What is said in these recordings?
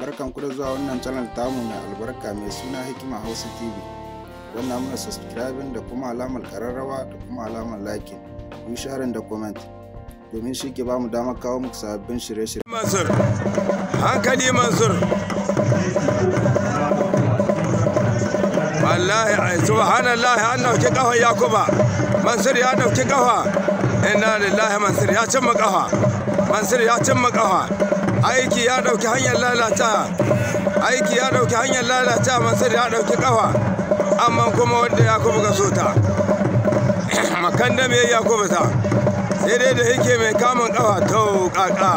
barkan ku da zuwa wannan channel tamu mai albarka mai suna hikima hausa tv wannan muna subscribe da kuma alamar kararrawa da kuma alamar like ku sharing da comment domin shi ke bamu damar kawo muku sababbin shirye-shirye mansur hankali mansur wallahi subhanallahi an dauki kafa yakuba mansur ya dauki kafa inna lillahi mansur ya cimma kafa mansur ya cimma kafa aiki ya ɗauki hanyar lalata aiki ya dauki hanyar lalata mansur ya ɗauki ƙafa amma kuma wanda kuma ga sota makan da mai kuma ta sai dai da yake mai kamun ƙafa to ƙaƙa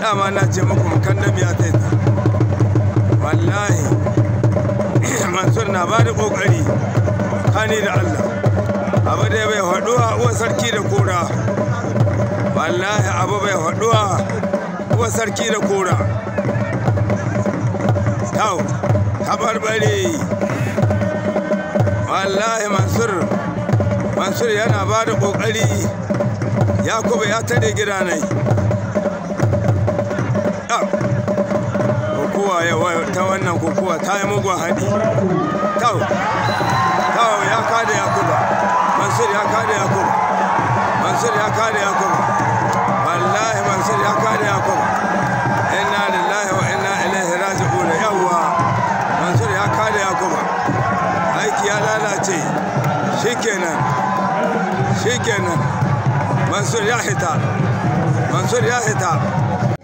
dama na ce muku da mai ta ta wallahi mansur na ba da ƙoƙari kani da allah abu da bai haɗuwa uwa sarki da kura wallahi abu bai haɗuwa uwa sarki da kora tau tabarbare wallahi mansur mansur yana ba da kokari yakubu ya tare gida nai kokowa ta wannan kukuwa ta yi mugun haɗi tau tau ya kada yakubu mansur ya kada yakubu mansur ya kada yakubu wallahi mansur ya shikenan shikenan mansur ya hita mansur ya hita